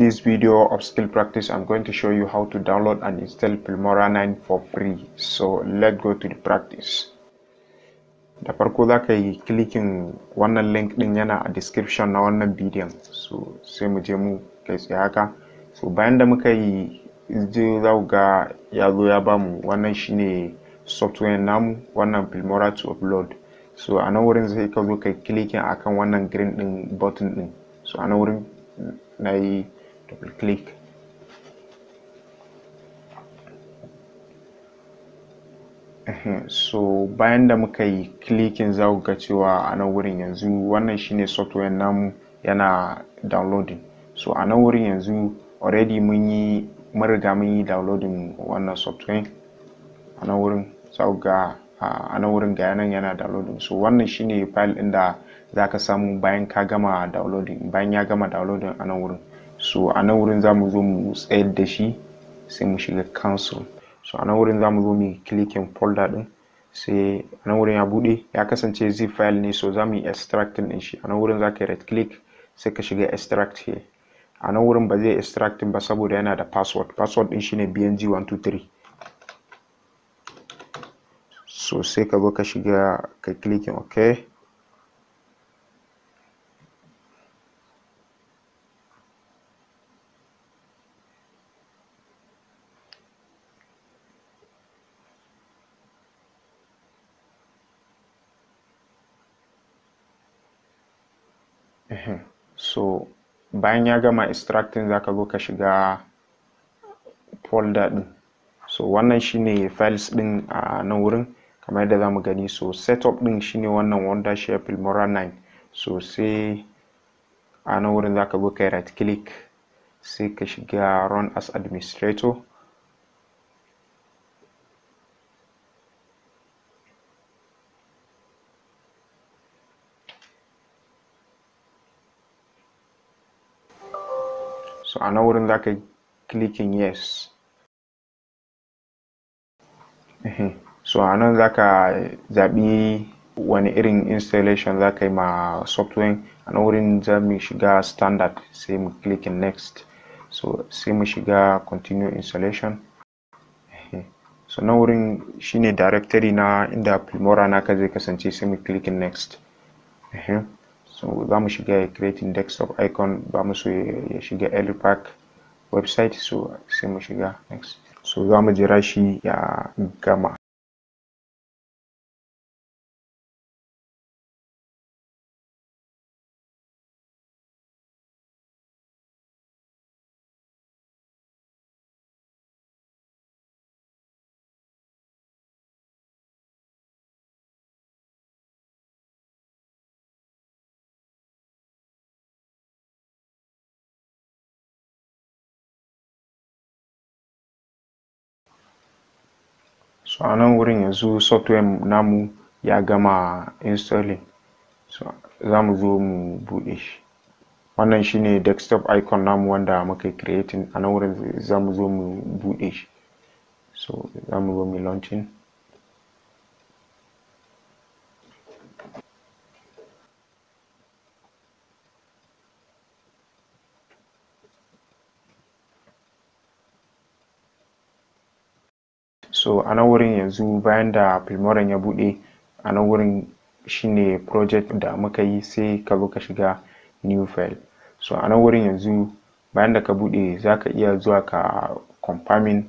this video of skill practice i'm going to show you how to download and install filmora 9 for free so let's go to the practice da farko za ka yi clicking wannan link din yana a description na wannan bidiyon so sai mu je mu kai tsaye haka so bayan da muka yi je za ga ya zo ya bamu wannan shine software namu wannan filmora to upload so a nan wurin sai ka zo kai clicking akan wannan green din button din so a nan wurin na yi doble clic. so bayan da muka yi clicking za ku ga cewa a nan wurin yanzu wannan shine software namu yana downloading so a nan wurin yanzu already mun yi riga mun yi downloading wannan software a nan wurin za ku ga a nan wurin ga yanan yana downloading so wannan shine file ɗin da za ka samu bayan ka gama downloading bayan ya gama downloading a nan wurin so a nan wurin za mu zo mu tsayar da shi sai mu shiga cancel so a nan wurin za mu zo mu yi in folder din sai a nan wurin ya bude ya kasance zip file ne so za mu yi extracting din shi a nan wurin za ka yi right click sai ka shiga extract here a nan wurin ba zai extracting ba saboda yana da password password din shine bng123 so sai ka zo ka shiga ka in okay So bayan ya gama extracting za ka zo ka shiga folder din So wannan shine files din a nan wurin kamar yadda za gani. So setup din shine wannan share Filmora 9. So sai a nan wurin za ka zo ka right click sai ka shiga run as administrator. so a nan wurin za ka klikin yes mm-hmm. so a nan za ka zaɓi wani irin installation za ka yi ma software a nan wurin za mu shiga standard sai mu klikin next so sai mu shiga continue installation mm-hmm. so nan wurin shine directory na inda filmora ka zai kasance sai mu klikin next mm-hmm. so za mu shiga creating desktop icon ba mu so ya shiga elpack website so sai mu shiga next so za mu jira shi ya gama so a nan wurin yanzu software namu ya gama installing so za mu zo mu buɗe shi wannan shine desktop icon namu wanda muka creating a nan wurin za mu zo mu buɗe shi so za mu zo mu launching so a nan wurin yanzu bayan da filmoran ya buɗe a nan wurin shine project da muka yi sai ka zo ka shiga new file so a nan wurin yanzu bayan da ka buɗe za ka iya zuwa ka confirming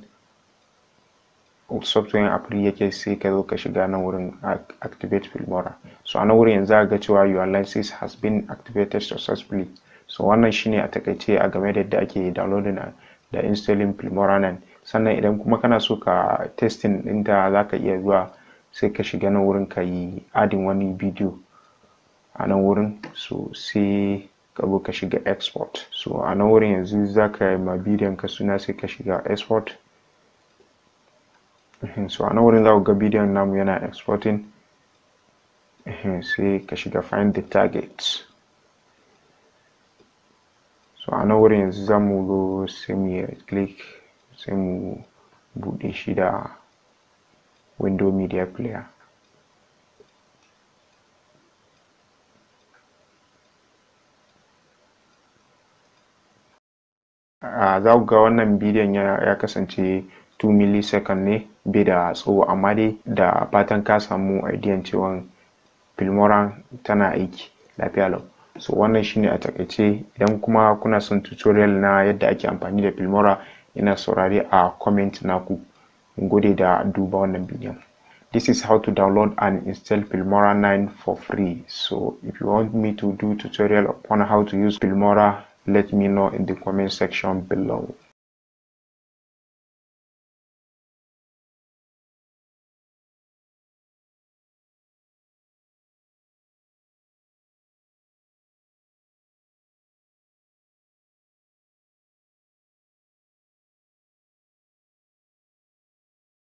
software apri yake sai ka zo ka shiga nan wurin activate filmora so a nan wurin yanzu ga cewa your license has been activated successfully so wannan shine a takaice a game da yadda ake downloading da installing filmora nan sannan idan kuma kana so ka testing ɗinta za ka iya zuwa sai ka shiga nan wurin ka yi adin wani bidiyo a nan wurin so sai ka zo ka shiga export so a nan wurin yanzu za ka yi ma bidiyon ka suna sai ka shiga export so a nan wurin za ku ga bidiyon namu yana exporting sai ka shiga find the target so a nan wurin yanzu za mu zo sai mu click sai mu buɗe shi da window media player za ku ga wannan bidiyon ya kasance 2 millisecond ne bai da tsawo amma dai da fatan ka samu idean cewa filmoran tana aiki lafiya lau so wannan shine a takaice idan kuma kuna son tutorial na yadda ake amfani da filmora Ina sorari a comment naku gode da duba wannan bidiyon this is how to download and install Filmora 9 for free so if you want me to do tutorial on how to use Filmora let me know in the comment section below